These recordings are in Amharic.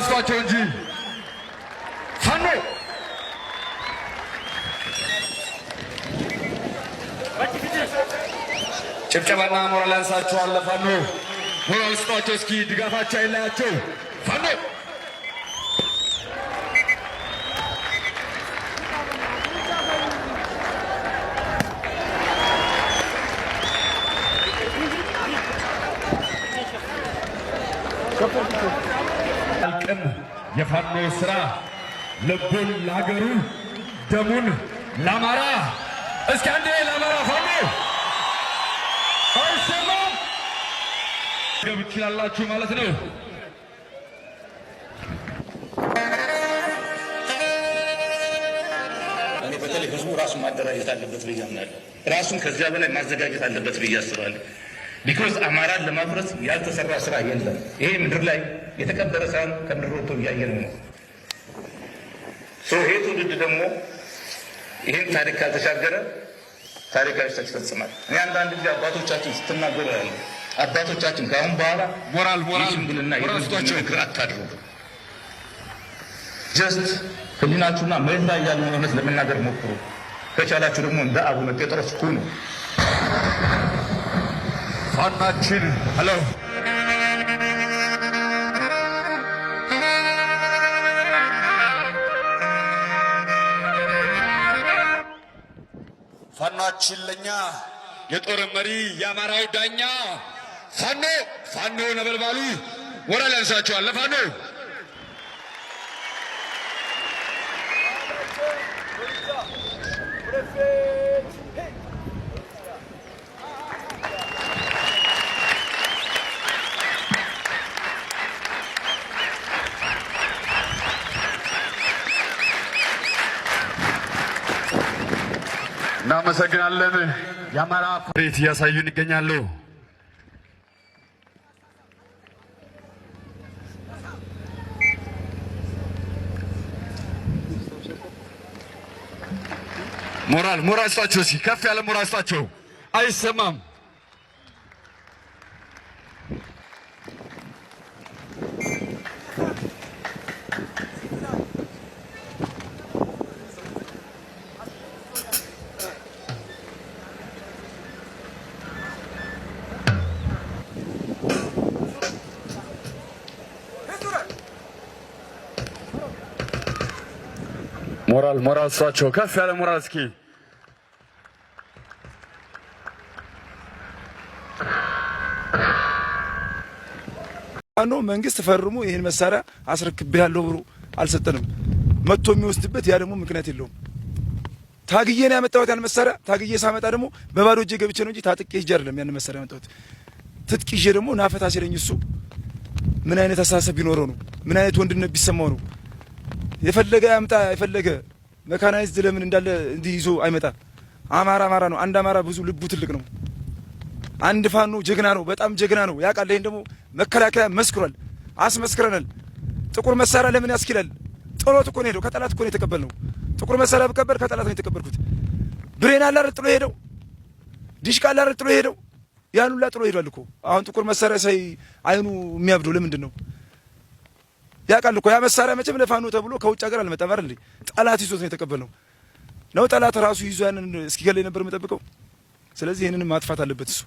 እንዳያስቷቸው እንጂ ፋኖ ጭብጨባና ሞራል ያንሳችኋል። ፋኖ ሞራል ስጧቸው። እስኪ ድጋፋቸው አይለያቸው ፋኖ አያልቅም የፋኖ ስራ። ልቡን ለአገሩ ደሙን ለአማራ። እስኪ አንዴ ለአማራ ፋኖ አይሰማ ገብ ይችላላችሁ ማለት ነው። በተለይ ህዝቡ ራሱን ማደራጀት አለበት ብዬ አምናለሁ። ራሱን ከዚያ በላይ ማዘጋጀት አለበት ብዬ አስባለሁ። ቢኮዝ አማራን ለማፍረስ ያልተሰራ ስራ የለም ይሄ ምድር ላይ የተከበረ ሳይሆን ከምድር ወጥቶ እያየን ነው። ይሄ ትውልድ ደግሞ ይህን ታሪክ ካልተሻገረ ታሪካቸው ይፈጽማል። እኔ አንዳንድ ጊዜ አባቶቻችን ስትናገሩ ያለ አባቶቻችን ከአሁን በኋላ ሞራል ቦራል ሽምግልና ምክር አታድርጉ። ጀስት ህሊናችሁና መሬት ላይ ያለውን እውነት ለመናገር ሞክሩ። ከቻላችሁ ደግሞ እንደ አቡነ ጴጥሮስ ሁኑ። ፋናችን ሀገራችን ለኛ የጦር መሪ የአማራው ዳኛ ፋኖ ፋኖ ነበልባሉ ወራ ለብሳችኋል ለፋኖ እናመሰግናለን። የአማራ ቤት እያሳዩን ይገኛሉ። ሞራል ሞራል ስጣቸው። ከፍ ያለ ሞራል ስጣቸው። አይሰማም ሞራል ሞራል ስጧቸው፣ ከፍ ያለ ሞራል እስኪ አኖ መንግስት ፈርሞ ይህን መሳሪያ አስረክቤያለሁ ብሎ አልሰጠንም። መጥቶ የሚወስድበት ያ ደግሞ ምክንያት የለውም። ታግዬ ነው ያመጣሁት ያን መሳሪያ። ታግዬ ሳመጣ ደግሞ በባዶ እጄ ገብቼ ነው እንጂ ታጥቄ ሂጅ አይደለም ያን መሳሪያ ያመጣሁት። ትጥቅ ይዤ ደግሞ ናፈታ ሲለኝ እሱ ምን አይነት አስተሳሰብ ቢኖረው ነው? ምን አይነት ወንድነት ቢሰማው ነው? የፈለገ ያምጣ የፈለገ መካናይዝድ ለምን እንዳለ እንዲህ ይዞ አይመጣ? አማራ አማራ ነው። አንድ አማራ ብዙ ልቡ ትልቅ ነው። አንድ ፋኖ ጀግና ነው፣ በጣም ጀግና ነው ያውቃል። ይህን ደግሞ መከላከያ መስክሯል፣ አስመስክረናል። ጥቁር መሳሪያ ለምን ያስኪላል? ጥሎት እኮ ነው ሄደው፣ ከጠላት እኮ ነው የተቀበል ነው። ጥቁር መሳሪያ ብቀበል ከጠላት ነው የተቀበልኩት። ብሬን አላር ጥሎ ሄደው፣ ዲሽቃ አላር ጥሎ ሄደው፣ ያን ሁላ ጥሎ ሄዷል እኮ። አሁን ጥቁር መሳሪያ ሳይ አይኑ የሚያብደው ለምንድን ነው? ያውቃል እኮ ያ መሳሪያ መቼም ለፋኖ ተብሎ ከውጭ ሀገር አልመጣም አይደል? ጠላት ይዞት ነው የተቀበልነው። ነው ጠላት ራሱ ይዞ ያንን እስኪገለኝ ነበር የምጠብቀው። ስለዚህ ይህንንም ማጥፋት አለበት እሱ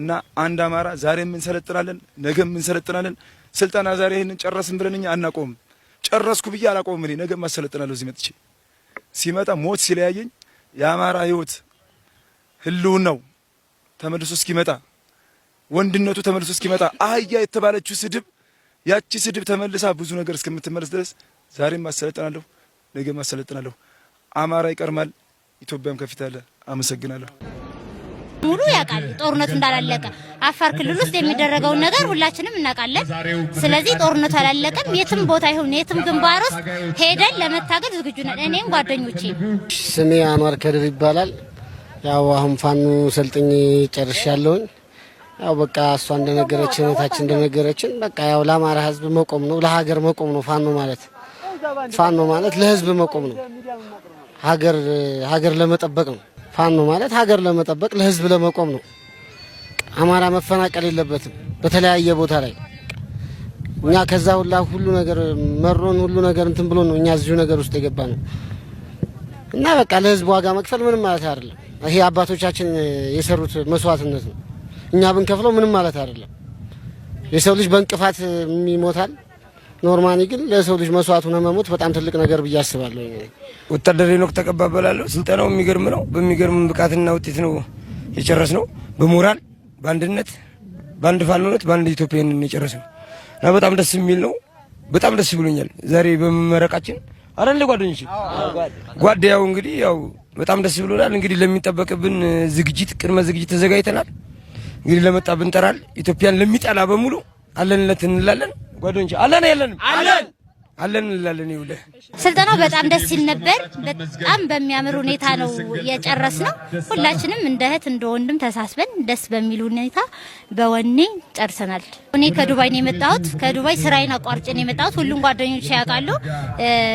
እና አንድ አማራ ዛሬም እንሰለጥናለን፣ ነገም እንሰለጥናለን። ስልጠና ዛሬ ይህንን ጨረስን ብለን እኛ አናቆምም። ጨረስኩ ብዬ አላቆምም እኔ ነገም አሰለጥናለሁ። እዚህ መጥቼ ሲመጣ ሞት ሲለያየኝ የአማራ ህይወት ህልውናው ተመልሶ እስኪመጣ ወንድነቱ ተመልሶ እስኪመጣ አህያ የተባለችው ስድብ ያቺ ስድብ ተመልሳ ብዙ ነገር እስከምትመለስ ድረስ ዛሬም አሰለጥናለሁ፣ ነገም አሰለጥናለሁ። አማራ ይቀርማል፣ ኢትዮጵያም ከፊት አለ። አመሰግናለሁ። ሙሉ ያውቃል ጦርነቱ እንዳላለቀ አፋር ክልል ውስጥ የሚደረገውን ነገር ሁላችንም እናውቃለን። ስለዚህ ጦርነቱ አላለቀም። የትም ቦታ ይሁን የትም ግንባር ውስጥ ሄደን ለመታገል ዝግጁ ነን፣ እኔም ጓደኞቼ። ስሜ አኗር ከድር ይባላል። ያው አሁን ፋኑ ሰልጥኝ ጨርሻለሁኝ። ያው በቃ እሷ እንደነገረችን እህታችን እንደነገረችን በቃ ያው ለአማራ ህዝብ መቆም ነው፣ ለሀገር መቆም ነው። ፋኖ ማለት ፋኖ ማለት ለህዝብ መቆም ነው፣ ሀገር ሀገር ለመጠበቅ ነው። ፋኖ ማለት ሀገር ለመጠበቅ ለህዝብ ለመቆም ነው። አማራ መፈናቀል የለበትም በተለያየ ቦታ ላይ እኛ ከዛ ሁላ ሁሉ ነገር መሮን ሁሉ ነገር እንትን ብሎ ነው እኛ እዚሁ ነገር ውስጥ የገባ ነው እና በቃ ለህዝብ ዋጋ መክፈል ምንም ማለት አይደለም። ይሄ አባቶቻችን የሰሩት መስዋዕትነት ነው። እኛ ብንከፍለው ምንም ማለት አይደለም። የሰው ልጅ በእንቅፋት ይሞታል። ኖርማኒ ግን ለሰው ልጅ መስዋዕት ሆነ መሞት በጣም ትልቅ ነገር ብዬ አስባለሁ። ወታደር ኖክ ተቀባበላለሁ። ስልጠናው የሚገርም ነው። በሚገርም ብቃትና ውጤት ነው የጨረስ ነው። በሞራል በአንድነት በአንድ ፋኖነት በአንድ ኢትዮጵያን የጨረስ ነው እና በጣም ደስ የሚል ነው። በጣም ደስ ብሎኛል ዛሬ በመመረቃችን አረንደ ጓደኞች ጓደ ያው እንግዲህ ያው በጣም ደስ ብሎናል። እንግዲህ ለሚጠበቅብን ዝግጅት ቅድመ ዝግጅት ተዘጋጅተናል። እንግዲህ ለመጣብን እንጠራለን። ኢትዮጵያን ለሚጠላ በሙሉ አለንለት እንላለን። ጓደኞች አለን የለንም አለን አለን እንላለን። ይውለ ስልጠናው በጣም ደስ ሲል ነበር። በጣም በሚያምር ሁኔታ ነው የጨረስ ነው። ሁላችንም እንደ እህት እንደ ወንድም ተሳስበን ደስ በሚል ሁኔታ በወኔ ጨርሰናል። እኔ ከዱባይ ነው የመጣሁት። ከዱባይ ስራዬን አቋርጬ ነው የመጣሁት። ሁሉም ጓደኞች ያውቃሉ።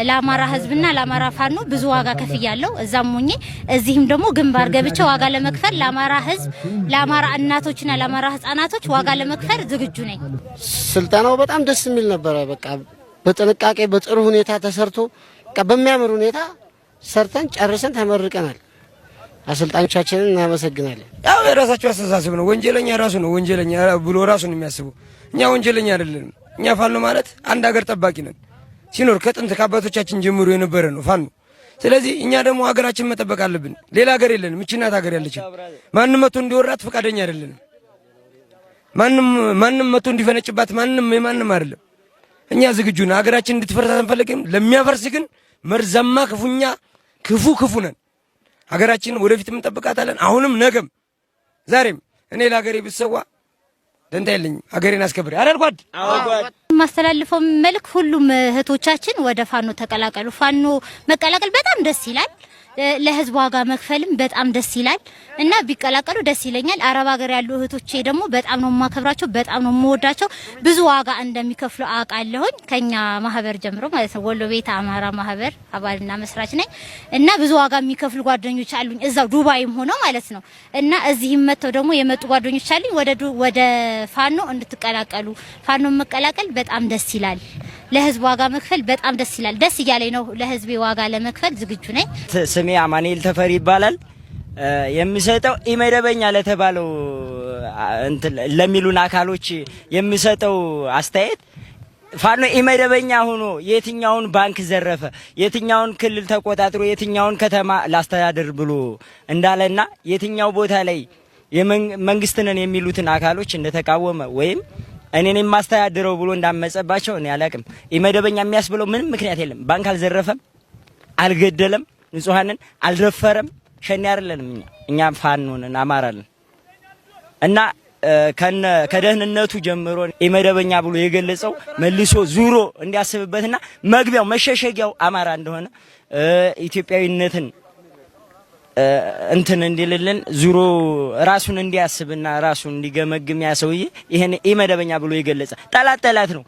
ለአማራ ህዝብና ለአማራ ፋኖ ብዙ ዋጋ ከፍያለሁ። እዛም ሆኜ እዚህም ደግሞ ግንባር ገብቼ ዋጋ ለመክፈል ለአማራ ህዝብ፣ ለአማራ እናቶችና ለአማራ ህጻናቶች ዋጋ ለመክፈል ዝግጁ ነኝ። ስልጠናው በጣም ደስ የሚል ነበረ። በቃ በጥንቃቄ በጥሩ ሁኔታ ተሰርቶ በሚያምር ሁኔታ ሰርተን ጨርሰን ተመርቀናል። አሰልጣኞቻችንን እናመሰግናለን። ያው የራሳቸው አስተሳሰብ ነው። ወንጀለኛ ራሱ ነው ወንጀለኛ ብሎ ራሱ ነው የሚያስበው። እኛ ወንጀለኛ አይደለንም። እኛ ፋኖ ማለት አንድ ሀገር ጠባቂ ነን። ሲኖር ከጥንት ከአባቶቻችን ጀምሮ የነበረ ነው ፋኖ። ስለዚህ እኛ ደግሞ ሀገራችን መጠበቅ አለብን። ሌላ ሀገር የለንም። እችናት ሀገር ያለችን ማንም መቶ እንዲወራት ፈቃደኛ አይደለንም። ማንም መቶ እንዲፈነጭባት ማንም የማንም አይደለም። እኛ ዝግጁ ነን። ሀገራችን እንድትፈርስ አንፈልግም። ለሚያፈርስ ግን መርዛማ ክፉኛ ክፉ ክፉ ነን። ሀገራችን ወደፊት እንጠብቃታለን። አሁንም፣ ነገም፣ ዛሬም እኔ ለሀገሬ ብሰዋ ደንታ የለኝም። ሀገሬን አስከብር አደርጓድ የማስተላልፈው መልክ ሁሉም እህቶቻችን ወደ ፋኖ ተቀላቀሉ። ፋኖ መቀላቀል በጣም ደስ ይላል። ለህዝብ ዋጋ መክፈልም በጣም ደስ ይላል እና ቢቀላቀሉ ደስ ይለኛል። አረብ ሀገር ያሉ እህቶቼ ደግሞ በጣም ነው የማከብራቸው፣ በጣም ነው የምወዳቸው። ብዙ ዋጋ እንደሚከፍሉ አውቃለሁኝ። ከኛ ማህበር ጀምሮ ማለት ነው ወሎ ቤት አማራ ማህበር አባልና መስራች ነኝ እና ብዙ ዋጋ የሚከፍሉ ጓደኞች አሉኝ እዛው ዱባይም ሆነው ማለት ነው እና እዚህም መጥተው ደግሞ የመጡ ጓደኞች አሉኝ ወደ ፋኖ እንድትቀላቀሉ ፋኖ መቀላቀል በጣም ደስ ይላል። ለህዝብ ዋጋ መክፈል በጣም ደስ ይላል። ደስ እያለኝ ነው። ለህዝብ ዋጋ ለመክፈል ዝግጁ ነኝ። ስሜ አማኑኤል ተፈሪ ይባላል። የሚሰጠው ኢመደበኛ ለተባለው ለሚሉን አካሎች የሚሰጠው አስተያየት ፋኖ ኢመደበኛ ሆኖ የትኛውን ባንክ ዘረፈ፣ የትኛውን ክልል ተቆጣጥሮ፣ የትኛውን ከተማ ላስተዳድር ብሎ እንዳለና የትኛው ቦታ ላይ መንግስት ነን የሚሉትን አካሎች እንደተቃወመ ወይም እኔን የማስተዳድረው ብሎ እንዳመፀባቸው እኔ አላቅም። ኢመደበኛ የሚያስብለው ምንም ምክንያት የለም። ባንክ አልዘረፈም፣ አልገደለም፣ ንጹሐንን አልደፈረም። ሸኔ አይደለንም እኛ እኛ ፋኖንን አማራለን እና ከደህንነቱ ጀምሮ ኢመደበኛ ብሎ የገለጸው መልሶ ዙሮ እንዲያስብበትና መግቢያው መሸሸጊያው አማራ እንደሆነ ኢትዮጵያዊነትን እንትን እንዲልልን ዙሮ ራሱን እንዲያስብና ራሱን እንዲገመግም ያ ሰውዬ ይሄን ኢመደበኛ ብሎ የገለጸ ጠላት ጠላት ነው።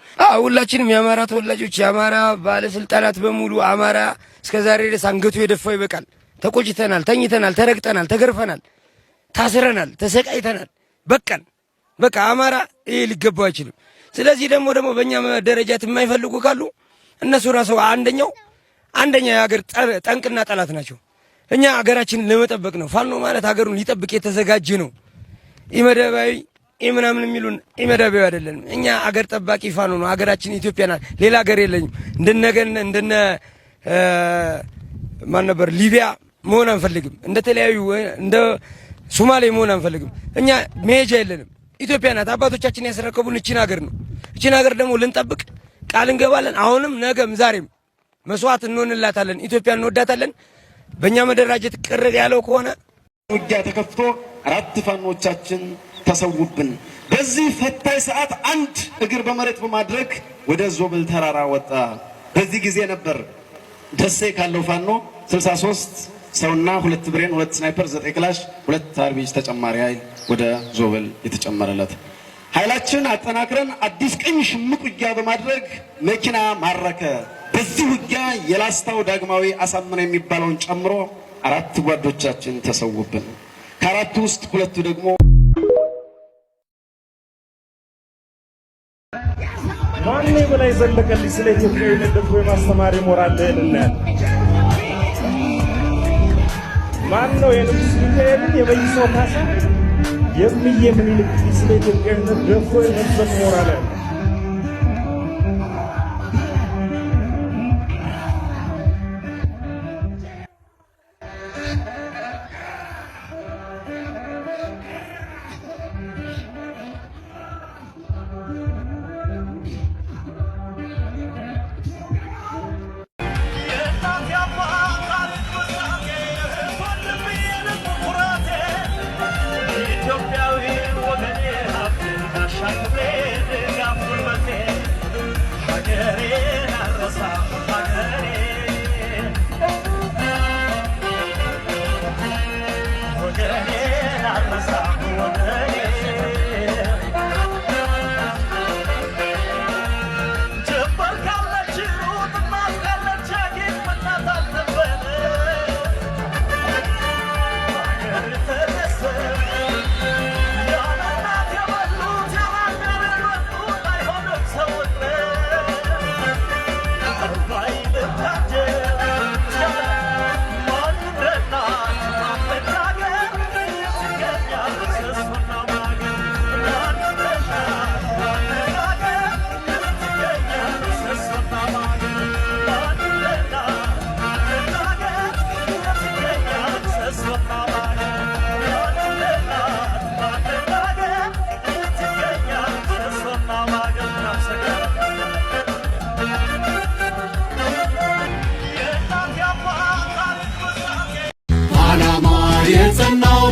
ሁላችንም የአማራ ተወላጆች የአማራ ባለስልጣናት በሙሉ አማራ እስከዛሬ ድረስ አንገቱ የደፋው ይበቃል። ተቆጭተናል፣ ተኝተናል፣ ተረግጠናል፣ ተገርፈናል፣ ታስረናል፣ ተሰቃይተናል። በቃን በቃ አማራ ይሄ ሊገባው አይችልም። ስለዚህ ደግሞ ደግሞ በእኛ ደረጃት የማይፈልጉ ካሉ እነሱ ራሱ አንደኛው አንደኛ የሀገር ጠንቅና ጠላት ናቸው። እኛ ሀገራችንን ለመጠበቅ ነው። ፋኖ ማለት ሀገሩን ሊጠብቅ የተዘጋጀ ነው። ኢመደባዊ ኢምናምን የሚሉን ኢመደባዊ አይደለንም። እኛ አገር ጠባቂ ፋኖ ነው። ሀገራችን ኢትዮጵያ ናት። ሌላ ሀገር የለኝም። እንደነገን እንደነ ማን ነበር ሊቢያ መሆን አንፈልግም። እንደ ተለያዩ እንደ ሶማሌ መሆን አንፈልግም። እኛ መሄጃ የለንም። ኢትዮጵያ ናት። አባቶቻችን ያስረከቡን እቺን ሀገር ነው። እቺን ሀገር ደግሞ ልንጠብቅ ቃል እንገባለን። አሁንም፣ ነገም፣ ዛሬም መስዋዕት እንሆንላታለን። ኢትዮጵያ እንወዳታለን። በእኛ መደራጀት ቅር ያለው ከሆነ ውጊያ ተከፍቶ አራት ፋኖቻችን ተሰውብን በዚህ ፈታኝ ሰዓት አንድ እግር በመሬት በማድረግ ወደ ዞብል ተራራ ወጣ። በዚህ ጊዜ ነበር ደሴ ካለው ፋኖ 63 ሰውና ሁለት ብሬን፣ ሁለት ስናይፐር፣ ዘጠኝ ክላሽ፣ ሁለት አርቢጅ ተጨማሪ ኃይል ወደ ዞብል የተጨመረለት ኃይላችን አጠናክረን አዲስ ቀኝ ሽምቅ ውጊያ በማድረግ መኪና ማረከ። በዚህ ውጊያ የላስታው ዳግማዊ አሳምነ የሚባለውን ጨምሮ አራት ጓዶቻችን ተሰውብን። ከአራቱ ውስጥ ሁለቱ ደግሞ ማን በላይ ዘለቀልኝ ስለ ኢትዮጵያዊ ደግሞ የማስተማሪ ሞራል ልዕልናል ማን ነው የንጉስ ሚካኤል የበይሶ ካሳ የሚየምን ይልቅ ስለ ኢትዮጵያዊነት ደፍሮ የመስበት ሞራል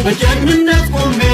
በጀግንነት ቆሜ